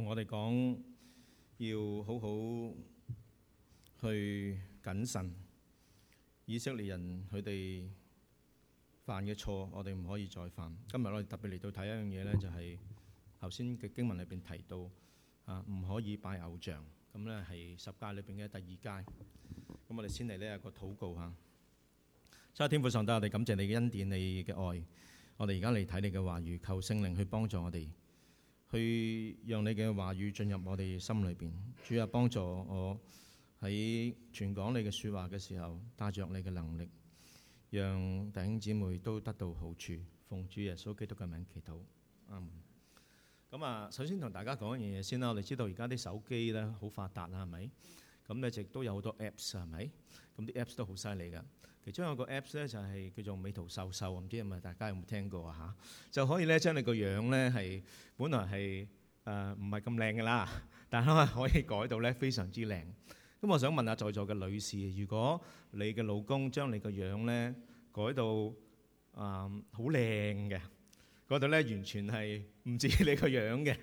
同我哋講，要好好去謹慎。以色列人佢哋犯嘅錯，我哋唔可以再犯。今日我哋特別嚟到睇一樣嘢咧，就係頭先嘅經文裏邊提到啊，唔可以拜偶像。咁咧係十誡裏邊嘅第二誡。咁我哋先嚟呢一個禱告吓。天父上帝，我哋感謝你嘅恩典，你嘅愛。我哋而家嚟睇你嘅話語，求聖靈去幫助我哋。去讓你嘅話語進入我哋心裏面，主啊，幫助我喺傳講你嘅説話嘅時候，帶着你嘅能力，讓弟兄姊妹都得到好處。奉主耶穌基督嘅名祈禱。阿們。咁啊，首先同大家講一樣嘢先啦。我哋知道而家啲手機咧好發達啦，係咪？咁咧亦都有好多 Apps，係咪？咁啲 apps 都好犀利噶。其中有個 apps 咧就係叫做美圖秀秀，唔知係咪大家有冇聽過嚇？就可以咧將你個樣咧，係本來係誒唔係咁靚噶啦，但係可以改到咧非常之靚。咁我想問下在座嘅女士，如果你嘅老公將你個樣咧改到誒好靚嘅，嗰度咧完全係唔似你個樣嘅，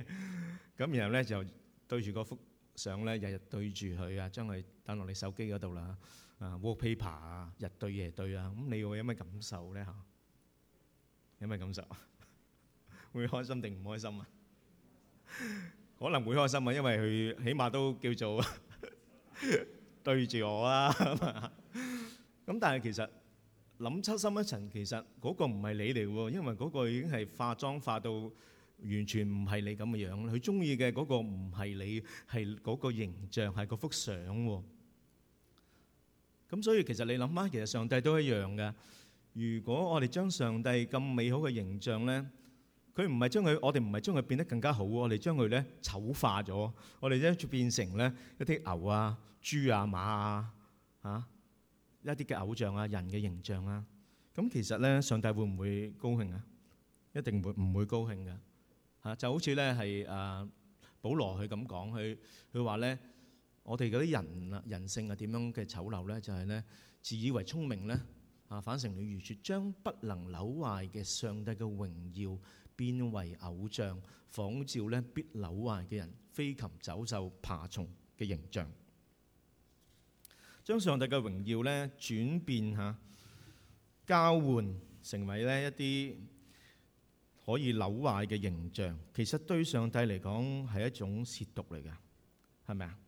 咁然後咧就對住個幅相咧日日對住佢啊，將佢等落你手機嗰度啦。啊，wallpaper 啊，日對夜對啦，咁你會有咩感受咧？嚇，有咩感受？會開心定唔開心啊？可能會開心啊，因為佢起碼都叫做對住我啦。咁但係其實諗出深一層，其實嗰個唔係你嚟喎，因為嗰個已經係化妝化到完全唔係你咁嘅樣。佢中意嘅嗰個唔係你，係嗰個形象，係嗰幅相喎。咁所以其實你諗吓，其實上帝都一樣嘅。如果我哋將上帝咁美好嘅形象咧，佢唔係將佢，我哋唔係將佢變得更加好，我哋將佢咧醜化咗，我哋咧就變成咧一啲牛啊、豬啊、馬啊嚇一啲嘅偶像啊、人嘅形象啊。咁其實咧，上帝會唔會高興啊？一定會唔會高興嘅嚇？就好似咧係誒，保羅佢咁講，佢佢話咧。我哋嗰啲人啊，人性啊，點樣嘅醜陋咧？就係咧，自以為聰明咧，啊，反成了愚拙，將不能朽壞嘅上帝嘅榮耀變為偶像，仿照咧必朽壞嘅人、飛禽走獸、爬蟲嘅形象，將上帝嘅榮耀咧轉變吓交換，成為咧一啲可以朽壞嘅形象。其實對上帝嚟講係一種褻瀆嚟㗎，係咪啊？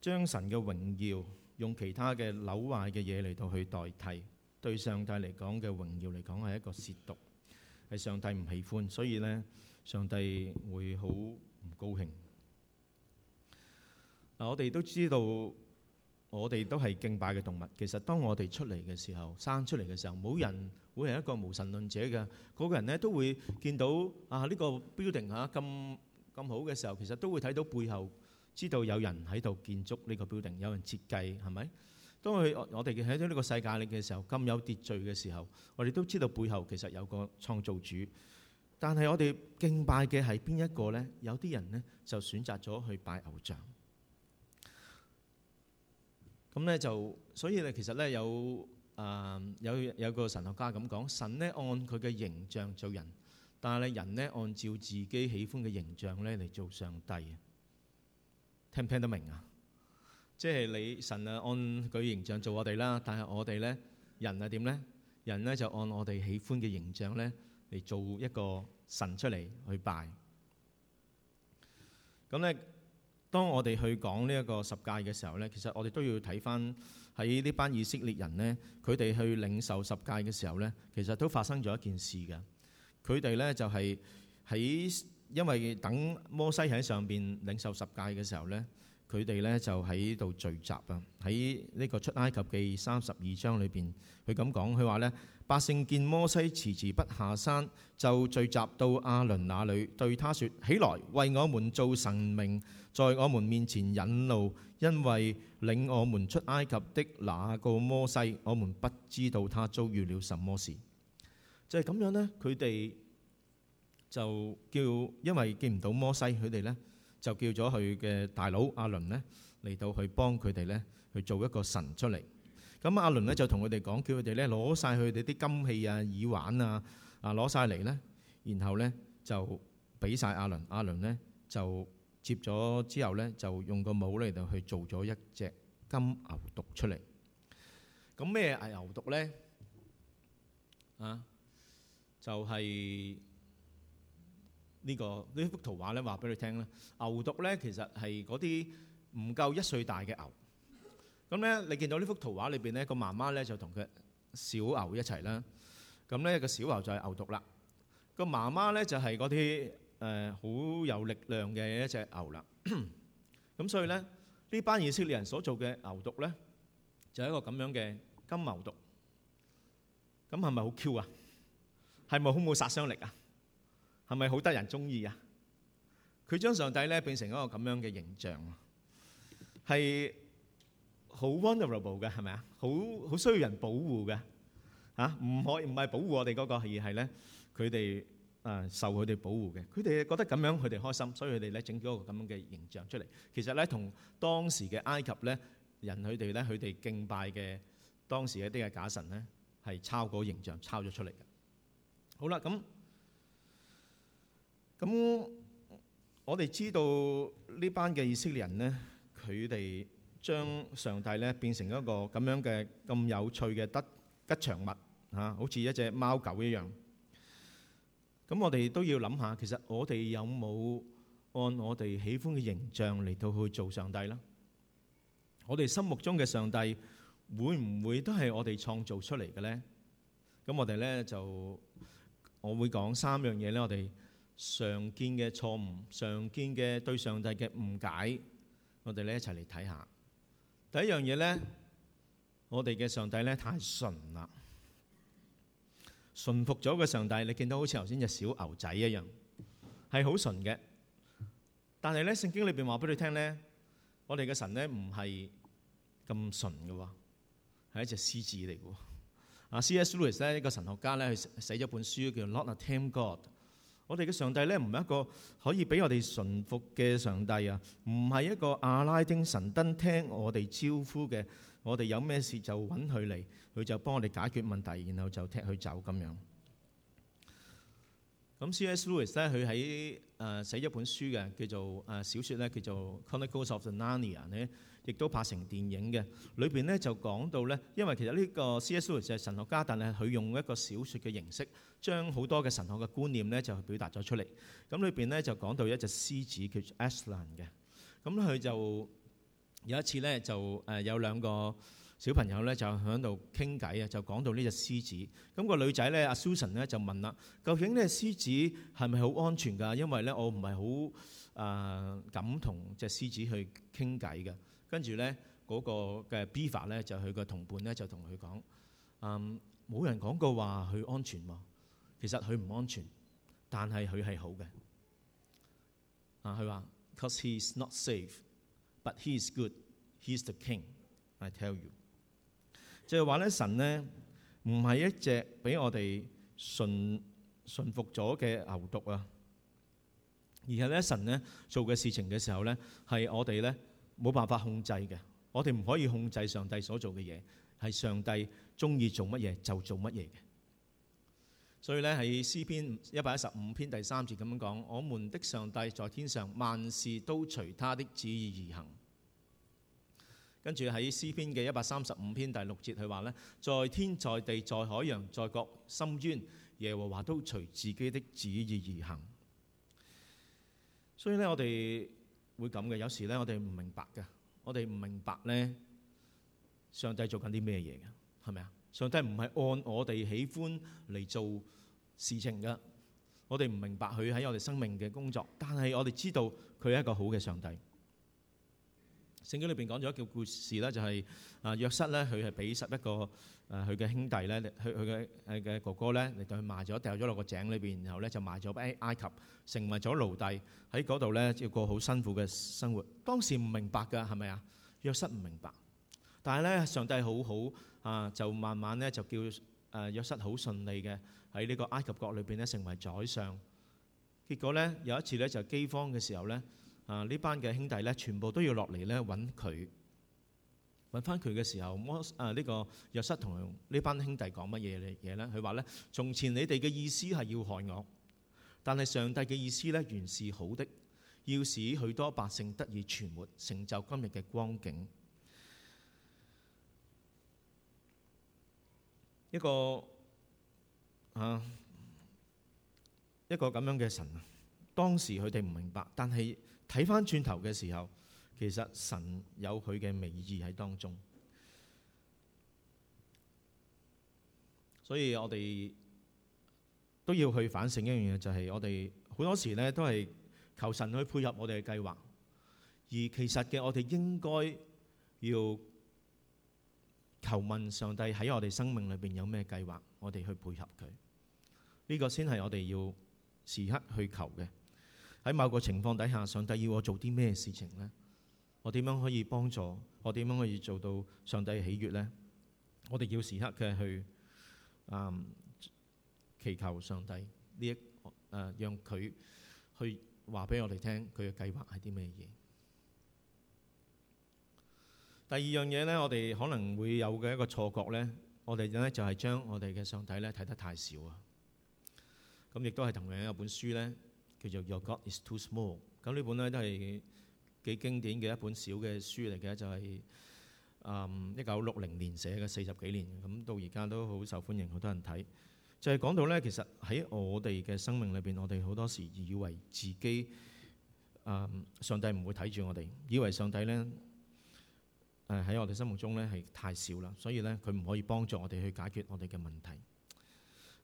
將神嘅榮耀用其他嘅扭壞嘅嘢嚟到去代替，對上帝嚟講嘅榮耀嚟講係一個褻瀆，係上帝唔喜歡，所以呢上帝會好唔高興。嗱，我哋都知道，我哋都係敬拜嘅動物。其實當我哋出嚟嘅時候，生出嚟嘅時候，冇人會係一個無神論者嘅嗰個人呢，都會見到啊呢個 building 嚇咁咁好嘅時候，其實都會睇到背後。知道有人喺度建築呢個 building，有人設計係咪？當佢我哋喺咗呢個世界裏嘅時候，咁有秩序嘅時候，我哋都知道背後其實有個創造主，但係我哋敬拜嘅係邊一個呢？有啲人呢，就選擇咗去拜偶像。咁呢，就所以咧，其實呢，有啊、呃、有有個神學家咁講，神呢，按佢嘅形象造人，但係咧人呢，按照自己喜歡嘅形象咧嚟做上帝。聽唔聽得明啊？即係你神啊，按佢形象做我哋啦。但係我哋咧，人係點咧？人咧就按我哋喜歡嘅形象咧嚟做一個神出嚟去拜。咁咧，當我哋去講呢一個十戒嘅時候咧，其實我哋都要睇翻喺呢班以色列人咧，佢哋去領受十戒嘅時候咧，其實都發生咗一件事㗎。佢哋咧就係喺。因為等摩西喺上邊領受十誡嘅時候呢，佢哋呢就喺度聚集啊！喺呢個出埃及記三十二章裏邊，佢咁講，佢話呢，百姓見摩西遲遲不下山，就聚集到亞倫那裏，對他說：起來，為我們做神明，在我們面前引路，因為領我們出埃及的那個摩西，我們不知道他遭遇了什麼事。就係咁樣呢，佢哋。就叫，因為見唔到摩西，佢哋咧就叫咗佢嘅大佬阿倫咧嚟到去幫佢哋咧去做一個神出嚟。咁阿倫咧就同佢哋講，叫佢哋咧攞曬佢哋啲金器啊、耳環啊，啊攞曬嚟咧，然後咧就俾曬阿倫。阿倫咧就接咗之後咧就用個帽嚟到去做咗一隻金牛犢出嚟。咁咩啊牛犢咧啊就係？呢個呢幅圖畫咧，話俾你聽咧。牛犢咧，其實係嗰啲唔夠一歲大嘅牛。咁咧，你見到呢幅圖畫裏邊咧，個媽媽咧就同佢小牛一齊啦。咁咧，個小牛就係牛犢啦。個媽媽咧就係嗰啲誒好有力量嘅一隻牛啦。咁所以咧，呢班以色列人所做嘅牛犢咧，就係一個咁樣嘅金牛犢。咁係咪好 Q 啊？係咪好冇殺傷力啊？係咪好得人鍾意啊？佢將上帝呢變成一個咁樣嘅形象，係好 vulnerable 嘅，係咪啊？好好需要人保護嘅，吓，唔可以唔係保護我哋嗰個，而係呢佢哋呃受佢哋保護嘅。佢哋覺得咁樣佢哋開心，所以佢哋呢整咗一個咁樣嘅形象出嚟。其實呢同當時嘅埃及呢人，佢哋呢佢哋敬拜嘅當時一啲嘅假神呢，係抄嗰個形象抄咗出嚟嘅。好啦，咁。咁我哋知道呢班嘅以色列人呢，佢哋將上帝呢變成一個咁樣嘅咁有趣嘅吉吉祥物嚇，好似一隻貓狗一樣。咁我哋都要諗下，其實我哋有冇按我哋喜歡嘅形象嚟到去做上帝啦？我哋心目中嘅上帝會唔會都係我哋創造出嚟嘅呢？咁我哋呢，就我會講三樣嘢呢：我哋。常見嘅錯誤，常見嘅對上帝嘅誤解，我哋咧一齊嚟睇下。第一樣嘢咧，我哋嘅上帝咧太純啦，順服咗嘅上帝，你見到好似頭先隻小牛仔一樣，係好純嘅。但係咧，聖經裏邊話俾你聽咧，我哋嘅神咧唔係咁純嘅喎，係一隻獅子嚟嘅喎。啊，C.S. Lewis 咧一個神學家咧，寫寫咗本書叫《Not a Tame God》。我哋嘅上帝咧，唔係一個可以俾我哋順服嘅上帝啊，唔係一個阿拉丁神燈，聽我哋招呼嘅，我哋有咩事就揾佢嚟，佢就幫我哋解決問題，然後就踢佢走咁樣。咁 C.S. Lewis 咧，佢喺誒寫咗本書嘅，小說叫做誒小説咧，叫做《Chronicles of the Narnia》咧。亦都拍成電影嘅，裏邊咧就講到咧，因為其實呢個 C.S. 就係神學家，但係佢用一個小説嘅形式，將好多嘅神學嘅觀念咧就表達咗出嚟。咁裏邊咧就講到一隻獅子叫做 Aslan 嘅，咁佢就有一次咧就誒有兩個小朋友咧就喺度傾偈啊，就講到呢隻獅子。咁個女仔咧，阿 Susan 咧就問啦：究竟呢隻獅子係咪好安全㗎？因為咧我唔係好誒敢同隻獅子去傾偈嘅。跟住咧，嗰、那個嘅 B 法咧，就佢個同伴咧，就同佢講：嗯，冇人講過話佢安全喎。其實佢唔安全，但係佢係好嘅啊。佢話：Cause he's not safe, but he's good. He's the king. I tell you，即係話咧，神咧唔係一隻俾我哋信順，順服咗嘅牛篤啊，而係咧神咧做嘅事情嘅時候咧，係我哋咧。冇辦法控制嘅，我哋唔可以控制上帝所做嘅嘢，係上帝中意做乜嘢就做乜嘢嘅。所以咧，喺詩篇一百一十五篇第三節咁樣講，我們的上帝在天上，萬事都隨他的旨意而行。跟住喺詩篇嘅一百三十五篇第六節，佢話咧，在天在地在海洋在各深淵，耶和華都隨自己的旨意而行。所以咧，我哋。會咁嘅，有時咧我哋唔明白㗎。我哋唔明白咧，上帝做緊啲咩嘢嘅，係咪啊？上帝唔係按我哋喜歡嚟做事情噶，我哋唔明白佢喺我哋生命嘅工作，但係我哋知道佢係一個好嘅上帝。聖經裏邊講咗一個故事咧，就係啊約瑟咧，佢係俾十一個誒佢嘅兄弟咧，佢佢嘅誒嘅哥哥咧嚟到佢賣咗，掉咗落個井裏邊，然後咧就賣咗俾埃及，成為咗奴隸喺嗰度咧，要過好辛苦嘅生活。當時唔明白㗎，係咪啊？約瑟唔明白，但係咧上帝好好啊，就慢慢咧就叫誒約瑟好順利嘅喺呢個埃及國裏邊咧成為宰相。結果咧有一次咧就饑荒嘅時候咧。啊！呢班嘅兄弟咧，全部都要落嚟咧，揾佢，揾翻佢嘅時候，摩啊呢、呢個約瑟同呢班兄弟講乜嘢嘅嘢咧？佢話咧：從前你哋嘅意思係要害我，但係上帝嘅意思咧，原是好的，要使許多百姓得以存活，成就今日嘅光景。一個啊，一個咁樣嘅神。當時佢哋唔明白，但係睇返轉頭嘅時候，其實神有佢嘅美意喺當中，所以我哋都要去反省一樣嘢，就係、是、我哋好多時呢都係求神去配合我哋嘅計劃，而其實嘅我哋應該要求問上帝喺我哋生命裏邊有咩計劃，我哋去配合佢呢、這個先係我哋要時刻去求嘅。喺某個情況底下，上帝要我做啲咩事情呢？我點樣可以幫助？我點樣可以做到上帝嘅喜悅呢？我哋要時刻嘅去啊、呃、祈求上帝呢一誒、呃，讓佢去話俾我哋聽，佢嘅計劃係啲咩嘢？第二樣嘢呢，我哋可能會有嘅一個錯覺呢，我哋就係、是、將我哋嘅上帝呢睇得太少啊！咁亦都係同樣有本書呢。叫做 Your God is too small。咁呢本咧都係幾經典嘅一本小嘅書嚟嘅，就係一九六零年寫嘅，四十幾年，咁到而家都好受歡迎，好多人睇。就係、是、講到咧，其實喺我哋嘅生命裏邊，我哋好多時以為自己，上帝唔會睇住我哋，以為上帝咧喺我哋心目中咧係太少啦，所以咧佢唔可以幫助我哋去解決我哋嘅問題。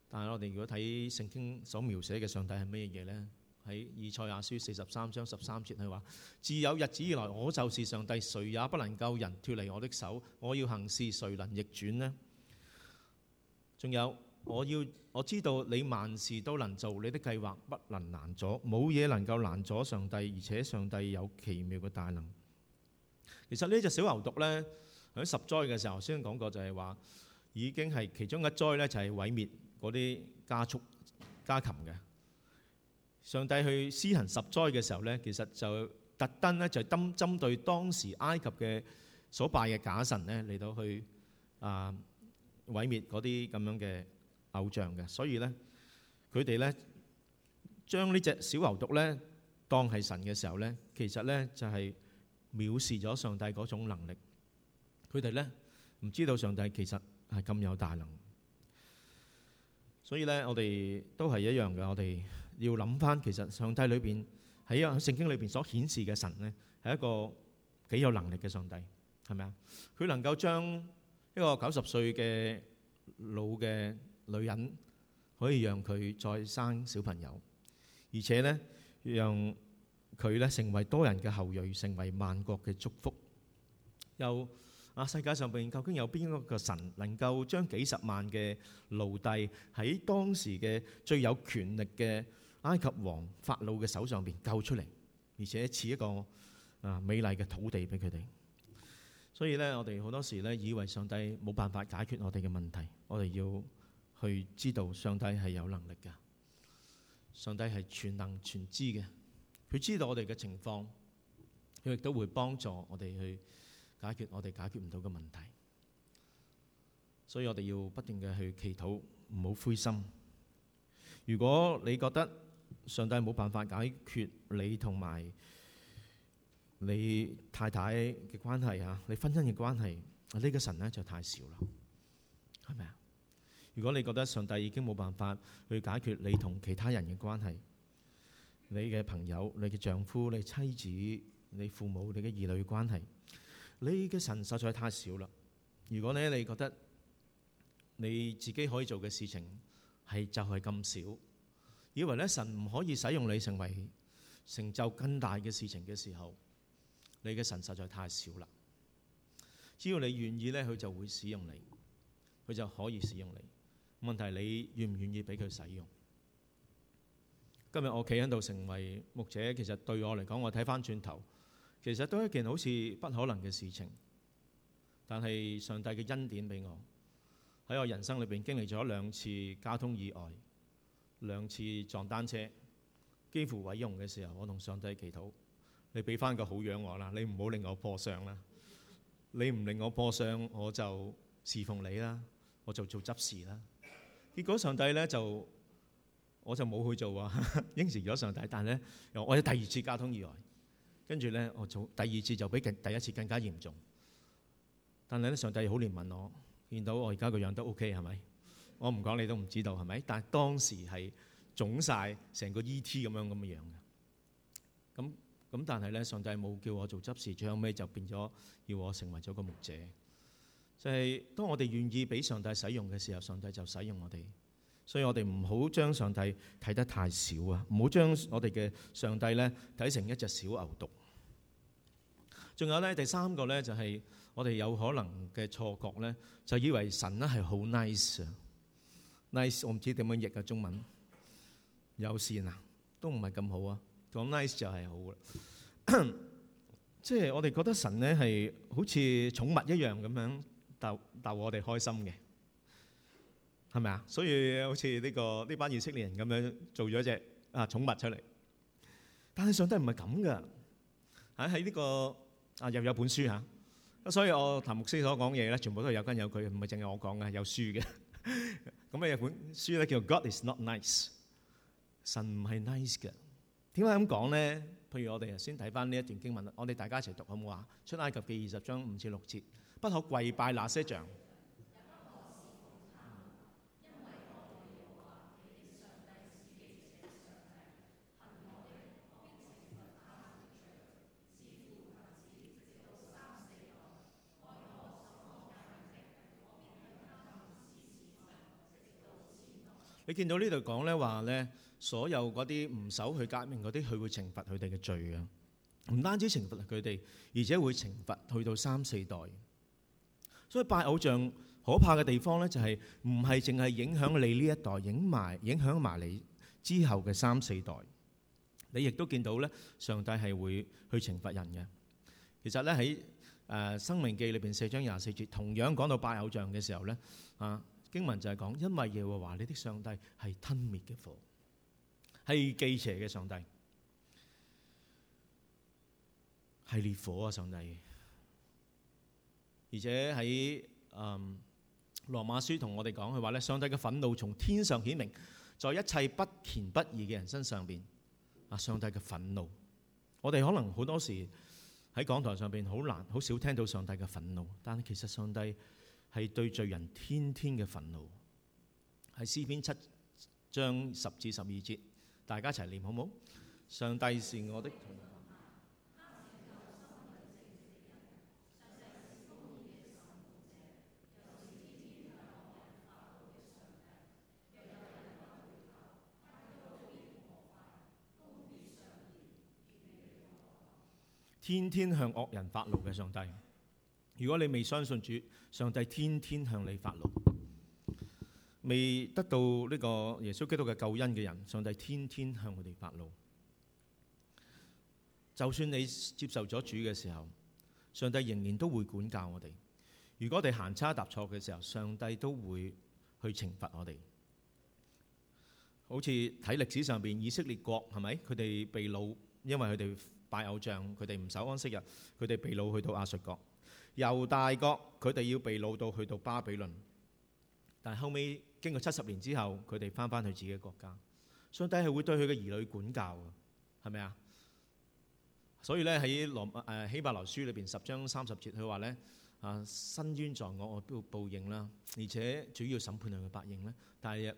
但係我哋如果睇聖經所描寫嘅上帝係乜嘢咧？喺以賽亞書四十三章十三節，佢話：自有日子以來，我就是上帝，誰也不能救人脱離我的手。我要行事，誰能逆轉呢？仲有，我要我知道你萬事都能做，你的計劃不能難阻。冇嘢能夠難阻上帝，而且上帝有奇妙嘅大能。其實呢隻小牛犢呢，喺十災嘅時候先講過，就是說，就係話已經係其中一災呢就係毀滅嗰啲家畜、家禽嘅。上帝去施行十災嘅時候咧，其實就特登咧就針針對當時埃及嘅所拜嘅假神咧嚟到去啊毀滅嗰啲咁樣嘅偶像嘅，所以咧佢哋咧將呢隻小牛犢咧當係神嘅時候咧，其實咧就係藐視咗上帝嗰種能力，佢哋咧唔知道上帝其實係咁有大能，所以咧我哋都係一樣嘅，我哋。要諗翻，其實上帝裏邊喺啊聖經裏邊所顯示嘅神呢，係一個幾有能力嘅上帝，係咪啊？佢能夠將一個九十歲嘅老嘅女人，可以讓佢再生小朋友，而且呢，讓佢咧成為多人嘅後裔，成為萬國嘅祝福。又啊，世界上邊究竟有邊一個神能夠將幾十萬嘅奴隸喺當時嘅最有權力嘅？埃及王法老嘅手上邊救出嚟，而且賜一個啊美麗嘅土地俾佢哋。所以咧，我哋好多時咧以為上帝冇辦法解決我哋嘅問題，我哋要去知道上帝係有能力噶上帝係全能全知嘅，佢知道我哋嘅情況，佢亦都會幫助我哋去解決我哋解決唔到嘅問題。所以我哋要不斷嘅去祈禱，唔好灰心。如果你覺得，上帝冇辦法解決你同埋你太太嘅關係，你婚姻嘅關係，呢個神呢就太少啦，係咪啊？如果你覺得上帝已經冇辦法去解決你同其他人嘅關係，你嘅朋友、你嘅丈夫、你妻子、你父母、你嘅兒女嘅關係，你嘅神實在太少啦。如果呢，你覺得你自己可以做嘅事情係就係咁少。以為咧，神唔可以使用你成為成就更大嘅事情嘅時候，你嘅神實在太少啦。只要你願意咧，佢就會使用你，佢就可以使用你。問題你願唔願意俾佢使用？今日我企喺度成為牧者，其實對我嚟講，我睇翻轉頭，其實都係一件好似不可能嘅事情。但係上帝嘅恩典俾我喺我人生裏邊經歷咗兩次交通意外。兩次撞單車，幾乎毀容嘅時候，我同上帝祈禱：你俾翻個好樣我啦，你唔好令我破相啦。你唔令我破相，我就侍奉你啦，我就做執事啦。結果上帝咧就，我就冇去做啊， 應承咗上帝。但咧，我喺第二次交通意外，跟住咧我做第二次就比第一次更加嚴重。但係咧，上帝好憐憫我，見到我而家個樣都 OK 係咪？我唔講你都唔知道係咪？但係當時係腫晒成個 E.T. 咁樣咁嘅樣嘅咁咁。但係咧，上帝冇叫我做執事，最後尾就變咗要我成為咗個牧者。就係、是、當我哋願意俾上帝使用嘅時候，上帝就使用我哋。所以我哋唔好將上帝睇得太少啊，唔好將我哋嘅上帝咧睇成一隻小牛犢。仲有咧，第三個咧就係、是、我哋有可能嘅錯覺咧，就以為神咧係好 nice。nice，我唔知點樣譯嘅中文，友善啊，都唔係咁好啊。講 nice 就係好啦，即係我哋覺得神咧係好似寵物一樣咁樣逗逗我哋開心嘅，係咪啊？所以好似呢個呢班以色列人咁樣做咗一隻啊寵物出嚟，但係上帝唔係咁㗎。喺喺呢個啊又有本書嚇，咁所以我譚牧師所講嘢咧，全部都係有根有據，唔係淨係我講嘅，有書嘅。咁咧有本書咧叫《God is not nice》，神唔係 nice 嘅。點解咁講咧？譬如我哋頭先睇翻呢一段經文，我哋大家一齊讀好唔好啊？出埃及記二十章五至六節，不可跪拜那些像。你見到呢度講咧話咧，所有嗰啲唔守佢誡命嗰啲，佢會懲罰佢哋嘅罪嘅，唔單止懲罰佢哋，而且會懲罰去到三四代。所以拜偶像可怕嘅地方咧，就係唔係淨係影響你呢一代，影響影響埋你之後嘅三四代。你亦都見到咧，上帝係會去懲罰人嘅。其實咧喺誒《申命記》裏邊四章廿四節，同樣講到拜偶像嘅時候咧啊。經文就係講，因為耶和華你的上帝係吞滅嘅火，係忌邪嘅上帝，係烈火啊！上帝，而且喺嗯羅馬書同我哋講，佢話咧，上帝嘅憤怒從天上顯明，在一切不虔不義嘅人身上邊啊！上帝嘅憤怒，我哋可能好多時喺講臺上邊好難好少聽到上帝嘅憤怒，但係其實上帝。係對罪人天天嘅憤怒，係詩篇七章十至十二節，大家一齊念好冇？上帝是我的，天天向惡人發怒嘅上帝。天天如果你未相信主，上帝天天向你發怒；未得到呢個耶穌基督嘅救恩嘅人，上帝天天向佢哋發怒。就算你接受咗主嘅時候，上帝仍然都會管教我哋。如果我哋行差踏錯嘅時候，上帝都會去懲罰我哋。好似睇歷史上邊以色列國，係咪？佢哋被擄，因為佢哋拜偶像，佢哋唔守安息日，佢哋被擄去到亞述國。由大國，佢哋要被擄到去到巴比倫，但係後尾經過七十年之後，佢哋翻翻去自己嘅國家。上帝係會對佢嘅兒女管教嘅，係咪啊？所以咧喺羅誒希伯來書裏邊十章三十節，佢話咧啊，伸冤在我，我都要報應啦。而且主要審判佢嘅百姓咧，但係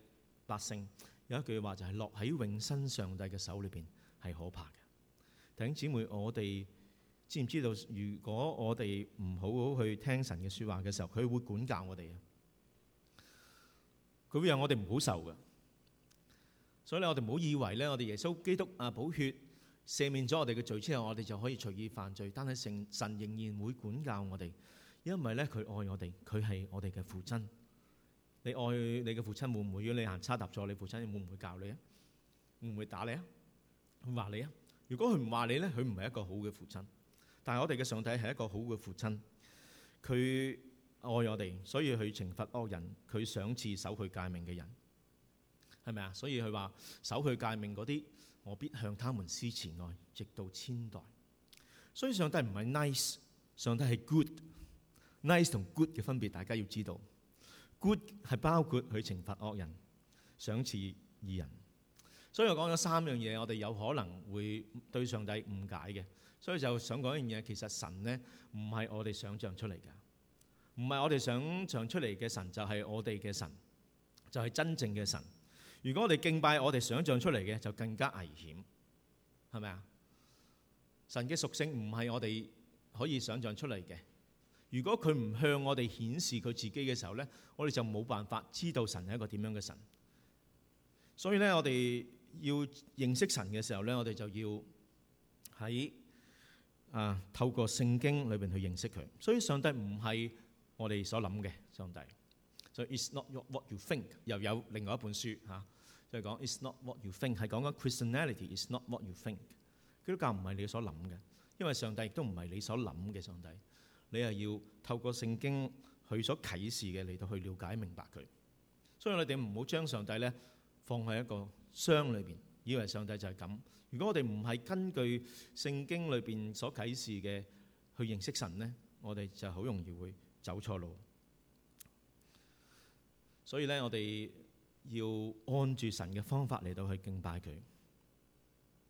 百姓有一句話就係、是、落喺永生上帝嘅手裏邊係可怕嘅。弟兄姊妹，我哋。知唔知道？如果我哋唔好好去聽神嘅説話嘅時候，佢會管教我哋啊！佢會讓我哋唔好受嘅。所以咧，我哋唔好以為咧，我哋耶穌基督啊寶血赦免咗我哋嘅罪之後，我哋就可以隨意犯罪。但係神神仍然會管教我哋，因為咧佢愛我哋，佢係我哋嘅父親。你愛你嘅父親會唔會？你行差踏錯，你父親會唔會教你啊？會唔會打你啊？會話你啊？如果佢唔話你咧，佢唔係一個好嘅父親。但係我哋嘅上帝係一個好嘅父親，佢愛我哋，所以佢懲罰惡人，佢賞賜守去誡命嘅人，係咪啊？所以佢話守去誡命嗰啲，我必向他們施慈愛，直到千代。所以上帝唔係 nice，上帝係 good。nice 同 good 嘅分別大家要知道，good 係包括佢懲罰惡人，賞賜義人。所以我講咗三樣嘢，我哋有可能會對上帝誤解嘅。所以就想講一樣嘢，其實神呢，唔係我哋想象出嚟嘅，唔係我哋想象出嚟嘅神就係我哋嘅神，就係真正嘅神。如果我哋敬拜我哋想象出嚟嘅，就更加危險，係咪啊？神嘅屬性唔係我哋可以想象出嚟嘅。如果佢唔向我哋顯示佢自己嘅時候呢，我哋就冇辦法知道神係一個點樣嘅神。所以呢，我哋要認識神嘅時候呢，我哋就要喺。啊！透過聖經裏邊去認識佢，所以上帝唔係我哋所諗嘅上帝。所以 It's not what you think 又有另外一本書嚇，就係講 It's not what you think 係講緊 Christianity It's not what you think。基督教唔係你所諗嘅，因為上帝亦都唔係你所諗嘅上帝。你係要透過聖經佢所啟示嘅嚟到去了解明白佢。所以你哋唔好將上帝呢，放喺一個箱裏邊，以為上帝就係咁。如果我哋唔係根據聖經裏邊所啟示嘅去認識神呢，我哋就好容易會走錯路。所以咧，我哋要按住神嘅方法嚟到去敬拜佢，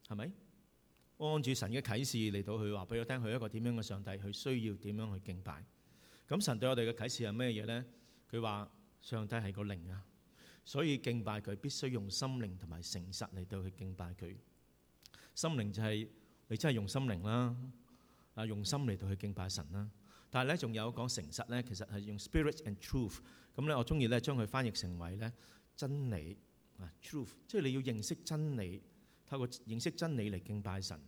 係咪？按住神嘅啟示嚟到去話俾我聽，佢一個點樣嘅上帝，佢需要點樣去敬拜。咁神對我哋嘅啟示係咩嘢呢？佢話上帝係個靈啊，所以敬拜佢必須用心靈同埋誠實嚟到去敬拜佢。心靈就係你真係用心靈啦，啊，用心嚟到去敬拜神啦。但係咧，仲有講誠實咧，其實係用 spirit and truth。咁咧，我中意咧將佢翻譯成為咧真理啊，truth。即係你要認識真理，透過認識真理嚟敬拜神。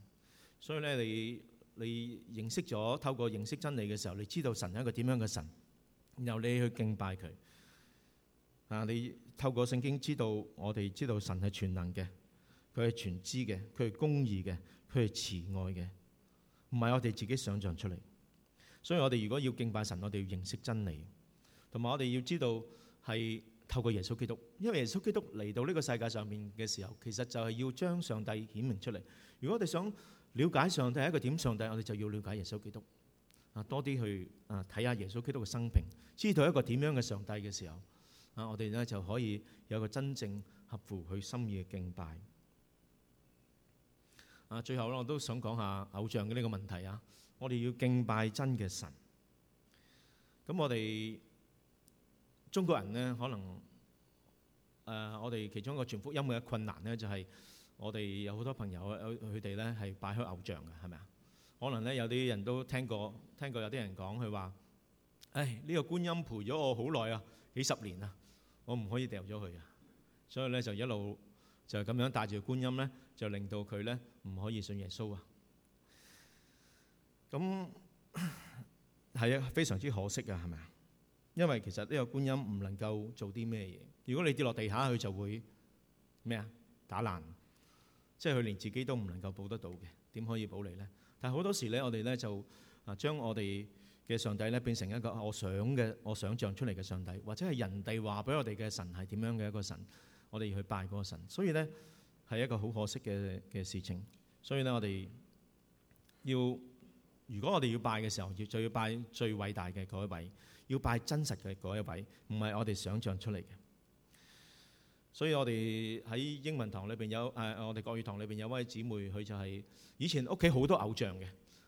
所以咧，你你認識咗，透過認識真理嘅時候，你知道神係一個點樣嘅神，然後你去敬拜佢。啊，你透過聖經知道，我哋知道神係全能嘅。佢係全知嘅，佢係公義嘅，佢係慈愛嘅，唔係我哋自己想像出嚟。所以我哋如果要敬拜神，我哋要認識真理，同埋我哋要知道係透過耶穌基督。因為耶穌基督嚟到呢個世界上面嘅時候，其實就係要將上帝顯明出嚟。如果我哋想了解上帝係一個點上帝，我哋就要了解耶穌基督啊，多啲去啊睇下耶穌基督嘅生平，知道一個點樣嘅上帝嘅時候啊，我哋咧就可以有個真正合乎佢心意嘅敬拜。啊，最後咧，我都想講下偶像嘅呢個問題啊！我哋要敬拜真嘅神。咁我哋中國人呢，可能誒、呃，我哋其中一個傳福音嘅困難呢，就係、是、我哋有好多朋友，佢哋咧係拜開偶像嘅，係咪啊？可能咧有啲人都聽過，聽過有啲人講佢話，唉，呢、這個觀音陪咗我好耐啊，幾十年啊，我唔可以掉咗佢啊！所以咧就一路。就咁樣帶住觀音咧，就令到佢咧唔可以信耶穌啊！咁係啊，非常之可惜啊，係咪啊？因為其實呢個觀音唔能夠做啲咩嘢。如果你跌落地下去，就會咩啊？打爛，即係佢連自己都唔能夠保得到嘅，點可以保你咧？但係好多時咧，我哋咧就啊，將我哋嘅上帝咧變成一個我想嘅、我想像出嚟嘅上帝，或者係人哋話俾我哋嘅神係點樣嘅一個神。我哋要去拜嗰個神，所以呢，係一個好可惜嘅嘅事情。所以呢，我哋要如果我哋要拜嘅時候，要就要拜最偉大嘅嗰一位，要拜真實嘅嗰一位，唔係我哋想象出嚟嘅。所以我哋喺英文堂裏面有、哎、我哋國語堂裏面有位姊妹，佢就係、是、以前屋企好多偶像嘅。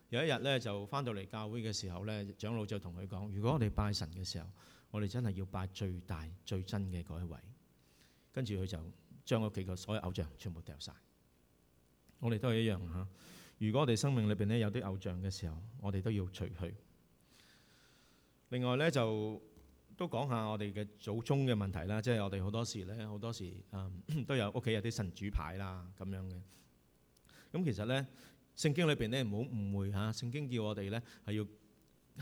有一日呢，就返到嚟教會嘅時候呢，長老就同佢講：「如果我哋拜神嘅時候，我哋真係要拜最大最真嘅嗰一位。跟住佢就將屋企嘅所有偶像全部掉曬。我哋都係一樣嚇。如果我哋生命裏邊咧有啲偶像嘅時候，我哋都要除去。另外咧就都講下我哋嘅祖宗嘅問題啦，即係我哋好多時咧好多時啊都有屋企有啲神主牌啦咁樣嘅。咁其實咧聖經裏邊咧唔好誤會嚇，聖經叫我哋咧係要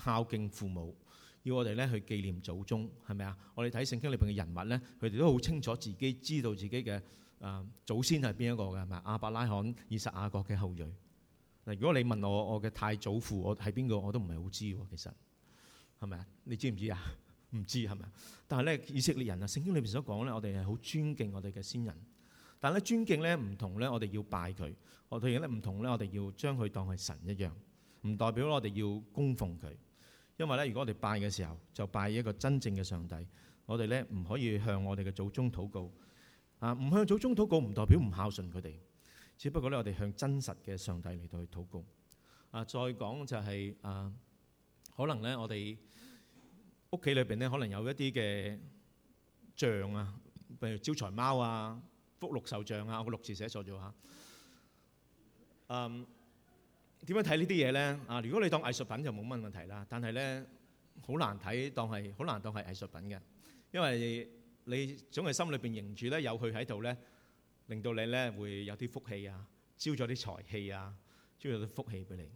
孝敬父母。要我哋咧去紀念祖宗，係咪啊？我哋睇聖經裏邊嘅人物咧，佢哋都好清楚自己知道自己嘅誒祖先係邊一個嘅，係咪亞伯拉罕、以撒、雅各嘅後裔？嗱，如果你問我我嘅太祖父我係邊個，我都唔係好知喎。其實係咪啊？你知唔知啊？唔知係咪啊？但係咧，以色列人啊，聖經裏邊所講咧，我哋係好尊敬我哋嘅先人。但係咧，尊敬咧唔同咧，我哋要拜佢。我哋咧唔同咧，我哋要將佢當係神一樣，唔代表我哋要供奉佢。因為咧，如果我哋拜嘅時候就拜一個真正嘅上帝，我哋咧唔可以向我哋嘅祖宗禱告啊！唔向祖宗禱告唔代表唔孝順佢哋，只不過咧我哋向真實嘅上帝嚟到去禱告啊！再講就係啊，可能咧我哋屋企裏邊咧可能有一啲嘅像啊，譬如招財貓啊、福祿壽像啊，我個六字寫錯咗吓。嗯。點樣睇呢啲嘢咧？啊，如果你當藝術品就冇乜問題啦。但係咧，好難睇當係好難當係藝術品嘅，因為你總係心裏邊凝住咧有佢喺度咧，令到你咧會有啲福氣啊，招咗啲財氣啊，招咗啲福氣俾你。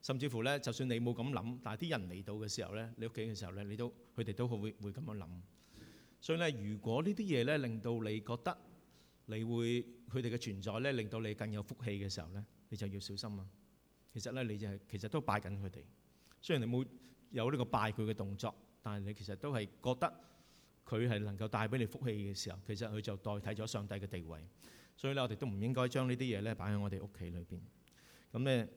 甚至乎咧，就算你冇咁諗，但係啲人嚟到嘅時候咧，你屋企嘅時候咧，你都佢哋都會會咁樣諗。所以咧，如果呢啲嘢咧令到你覺得你會佢哋嘅存在咧，令到你更有福氣嘅時候咧，你就要小心啊！其實咧，你就係其實都拜緊佢哋。雖然你冇有呢個拜佢嘅動作，但係你其實都係覺得佢係能夠帶俾你福氣嘅時候，其實佢就代替咗上帝嘅地位。所以咧，我哋都唔應該將呢啲嘢咧擺喺我哋屋企裏邊。咁咧，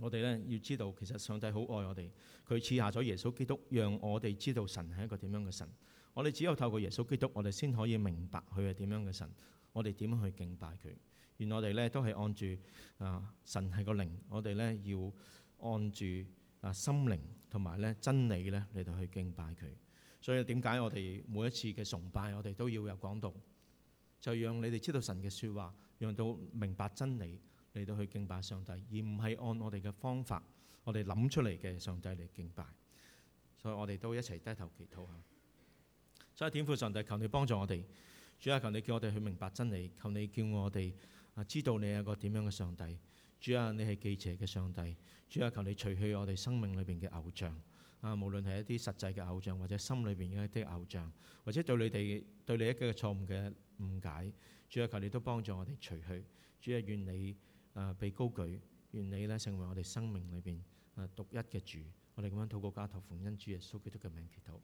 我哋咧要知道，其實上帝好愛我哋，佢賜下咗耶穌基督，讓我哋知道神係一個點樣嘅神。我哋只有透過耶穌基督，我哋先可以明白佢係點樣嘅神，我哋點樣去敬拜佢。原來我哋咧都係按住啊神係個靈，我哋咧要按住啊心靈同埋咧真理咧嚟到去敬拜佢。所以點解我哋每一次嘅崇拜，我哋都要有講道，就讓你哋知道神嘅説話，讓到明白真理嚟到去敬拜上帝，而唔係按我哋嘅方法，我哋諗出嚟嘅上帝嚟敬拜。所以我哋都一齊低頭祈禱啊！所以天父上帝，求你幫助我哋。主啊，求你叫我哋去明白真理，求你叫我哋。知道你係個點樣嘅上帝，主啊！你係忌邪嘅上帝，主啊！求你除去我哋生命裏面嘅偶像啊！無論係一啲實際嘅偶像，或者心裏面嘅一啲偶像，或者對你哋對你一啲嘅錯誤嘅誤解，主啊！求你都幫助我哋除去。主啊！願你、呃、被高舉，願你咧成為我哋生命裏面啊獨一嘅主。我哋咁樣禱告，交託奉恩主耶穌基督嘅名祈禱。